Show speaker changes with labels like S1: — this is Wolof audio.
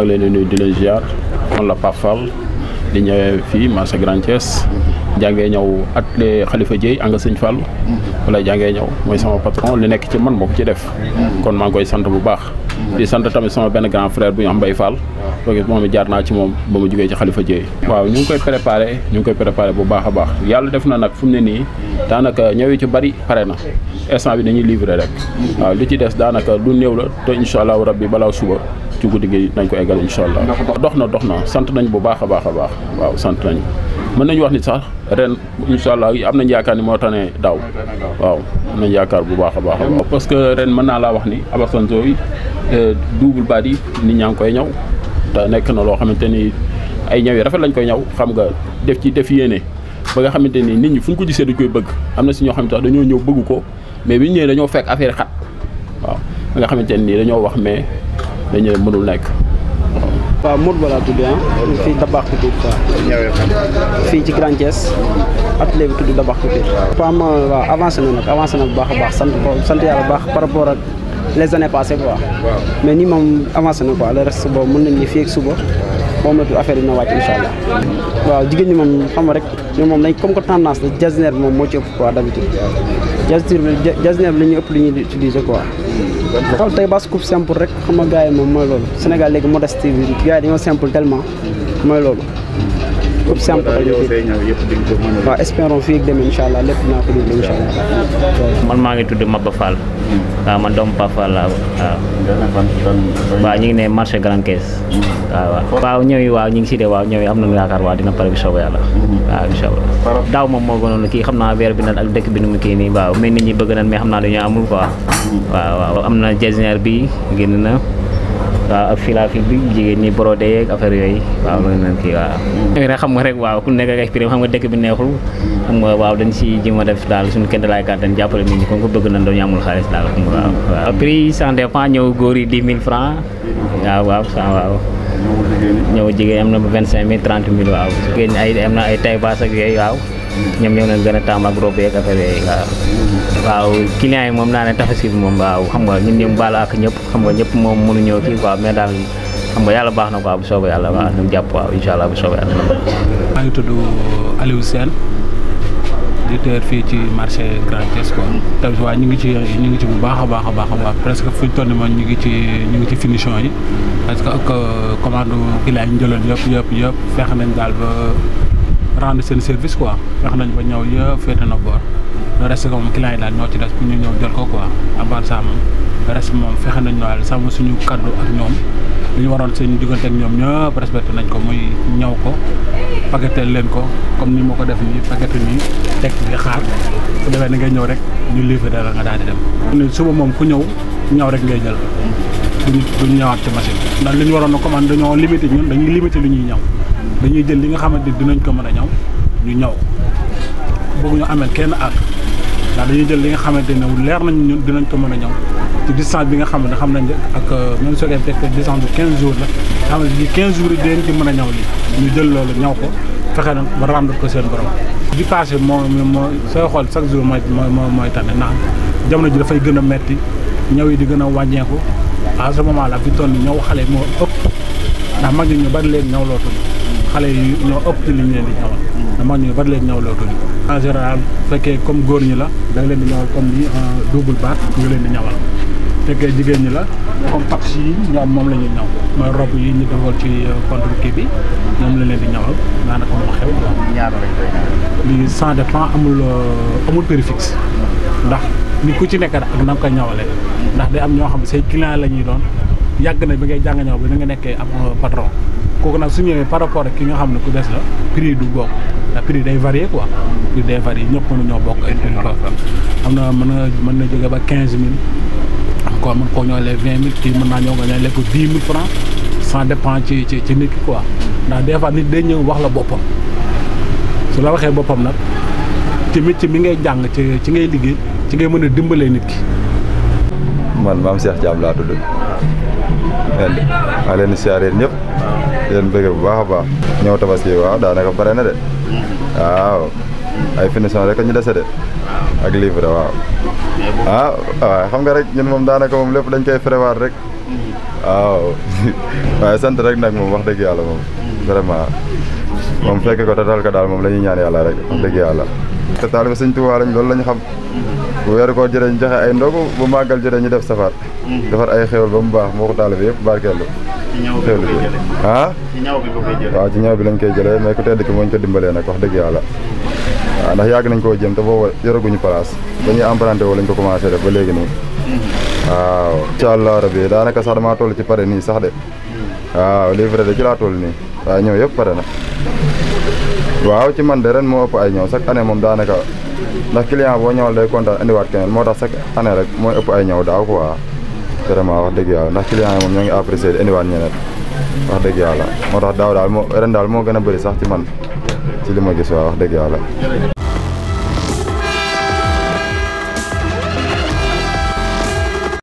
S1: maa ngi leen di nuyu di leen man la Pape Fall di ñëwee fii marché Grand Thiès jàngee ñëw at le Khalifa Dieye anga sëñ Fall wala jàngee ñëw mooy sama patron lu nekk ci man moo ci def kon maa ngi koy sant bu baax di sant tamit sama benn grand frère bu ñu am Mbaye Fall moom it jaar naa ci moom ba mu jugee ci xalifa Dieye waaw ñu ngi koy préparé ñu ngi koy préparé bu baax a baax yàlla def na nag fu mu ne nii daanaka ñëw ci bari pare na instant bi dañuy livré rek waaw li ci des daanaka du néew la te incha allahu rabbi suba ci guddi gi nañ ko eggale incha allah. dox na dox na sant nañ bu baax a baax a baax waaw sant nañ mën nañu wax ni sax ren incha allah am nañ yaakaar ni moo tane daaw waaw am nañ yaakaar bu baax a baax a baax. parce que ren mën naa laa wax ni Abasanzo yi eh, double baat yi nit ñaa ngi koy ñaw te nekk na loo xamante ni ay ñaw yi rafet lañ koy ñaw xam nga def ci def yéene ba nga xamante ni nit ñi fu ñu ko gisee dañ koy bëgg am na si ñoo xam ne sax dañoo ñëw bëgg ko mais bi ñu ñëwee dañoo fekk affaire xat waaw ba nga xamante dañu ne mënul nekk. waaw Modou Ba laa tudd ah. fii Dabax Couture fii ci Grand Thiès. atelier bi tudd Dabax Couture. PAM euh, waaw avancé na nag avancé bu baax baax sant ko sant yàlla baax par rapport ak les années passées quoi. mais nii moom avancé na quoi le reste boobu mën nañu fii ak suba. moom la tudd affaire dina wàcc incha allah. waaw jigéen ñi moom xam nga rek ñoom moom dañ comme que tendance la jasneer bi moom moo ci ëpp quoi d' habitude. jasneer bi jasneer bi la ñuy ëpp lu ñuy utiliser quoi. xool tey baas coupe simple rek xam nga gars yi moom mooy loolu Sénégal léegi modestie bi gars yi dañoo simple tellement loolu pour samp maa
S2: ngi tudd Maba Fall. Hmm. waaw man doomu Paa Fall laa waaw. ñu ngi ne marché Grand Caisse. Hmm. waaw waaw ñëw ñu ngi si de waaw ñëw yi am nañu yaakaar waaw dina pare bi soobee yàlla. Hmm. waaw incha allah daaw moom moo gënoon kii xam naa weer bi amul quoi. waaw waaw am na jasineer bi génn na. waaw ak filaafil bi jigéen ni brodé yeeg affaire yooyu waaw loolu lañ kii waaw. xam nga rek waaw ku nekk ak expérience xam nga dëkk bi neexul. xam nga waaw dañ si jéem a def daal suñu kenn laay kàttan jàppale nit ñi kon ko bëgg na doon ñu amul xaalis daal xam nga waaw. waaw mm-hmm. prix ça dépend ñëw góor yi 10 000 francs waaw waaw ça waaw. ñëw jigéen am na ba 25 000 30 000 waaw. jigéen ay am na ay tay ak yooyu waaw. ñoom ñoo leen gën a tàmm ak robe ak affaire waaw. waaw client yi moom naa ne taxasi bi moom waaw xam nga ñun ñoom baalu ak ñëpp xam nga ñëpp moom mënuñoo kii quoi mais daal xam nga yàlla baax na quoi bu soobee yàlla waaw ñu jàpp waaw incha allah bu soobee yàlla.
S3: maa ngi fii ci marché Grand Thiès quoi tamit ñu ngi ci ñu ngi ci bu baax a baax a baax a baax presque fu ñu toll moom ñu ngi ci ñu ngi ci finition yi parce que ak commande client yi yëpp yëpp yëpp nañ daal ba. rendre seen service quoi fex nañ ba ñëw yëpp féete na boor le reste ko moom client ñoo ci des pour ñu ñëw jël ko quoi à fexe nañ daal sàmm suñu kaddu ak ñoom ñu waroon seen diggante ak ñoom ñëpp respecté nañ ko muy ñëw ko paquetel leen ko comme nii moo ko def nii paquetu nii teg di xaar su defee na ngay ñëw rek ñu livré la nga daal di dem. ni suba moom ku ñëw ñëw rek ngay jël duñ duñ ñëwaat ci machine ndax li ñu waroon a commande dañoo limité ñun dañuy limité li ñuy ñëw. dañuy jël li nga xamante ni dinañ ko mën a ñaw ñu ñaw boobu ñu amee kenn at ndax dañuy jël li nga xamante ne leer nañ ñun dinañ ko mën a ñaw ci distance bi nga xam ne xam nañ ak euh, même soo dee fekk distance bu 15 jours la xam ne ci mën a ñaw lii ñu jël loolu ñaw ko fexe na ba rendre ko seen borom. bi passé moo moo sooy xool chaque jour mooy mooy mooy tane ndax jamono ji dafay gën a metti ñaw yi di gën a wàññeeku à ce moment là fi mu toll ñaw xale moo ëpp ndax mag ñu bari leen ñaw lootul. xale yi ñoo ëpp ci li ñu leen di ñawal dama mm. ñu bari leen ñaw lootuñu en général fekkee comme góor ñi la da leen di ñawal comme ni euh, double baat nga leen di ñawal fekkee jigéen ñi la comme yi ñoom moom la ñuy ñaw mooy rob yi ñu defal ci euh, contre kii bi ñoom la leen di ñawal daanaka moo xew ñaar lañ koy lii sans dépend amul euh, amul prix fixe ndax ni ku ci nekk ak na nga koy ñawale ndax day am ñoo xam ne say client la ñuy doon yàgg na bi ngay jàng ñaw bi na nga nekkee am patron kooku nag su ñëwee par rapport ak ki nga xam ne ku bees la prix du bokk ndax prix day varié quoi prix day varié ñoo bokk ay na mën mën na jóge ba quinze mille encore mën koo ñëwalee vingt mille kii mën naa ñëw nga ñëwalee ko dix mille francs ça dépend ci ci ci nit ki quoi ndax des fois nit day ñëw wax la boppam su la waxee boppam nag ci métier mi ngay jàng ci ci ngay liggéey ci ngay mën a dimbalee nit ki.
S4: man maam Cheikh Diam laa tudd. maa leen di siyaaree di leen bu baax a baax ñëw tabaski waaw daanaka pare na de waaw ay finition rek ñu dese de ak livre waaw ah waaw xam nga rek ñun moom daanaka moom lépp dañ koy prévoir rek waaw waaye sant rek nag moom wax dëgg yàlla moom vraiment moom fekk ko tatal ko daal moom la ñuy ñaan yàlla rek wax dëgg yàlla te taalibe Sëñ Tuubaa lañ loolu lañ xam bu weeru koo jëree ñu joxe ay ndogu bu màggal jëree ñu def safar mm-hmm. defar ay xéwal ba mu baax moo ko taalibe yëpp barkeelu ah waaw ci ñaw bi lañ koy jëlee mais ku tedd ki mooñ ko dimbalee nag wax dëgg yàlla waaw ah, ndax yàgg nañ koo jëm te booba yoraguñu place dañuy emprunté woo lañ ko commencé def ba léegi nii waaw incha allah rabi daanaka sax damaa toll ci pare nii sax de waaw livré de ci laa toll nii waaw ñëw yëpp pare na waaw ci man de moo ëpp ay ñëw chaque année moom daanaka ndax client boo ñëwal day kontaan indiwaat keneen moo tax chaque année rek moo ëpp ay ñëw daaw quoi vraiment wax dëgg yàlla ndax client yi moom ñoo ngi apprécié di indiwaat wax dëgg yàlla moo tax daaw daal moo ren daal moo gën a bëri saxti man ci li mo gis wax dëgg yàlla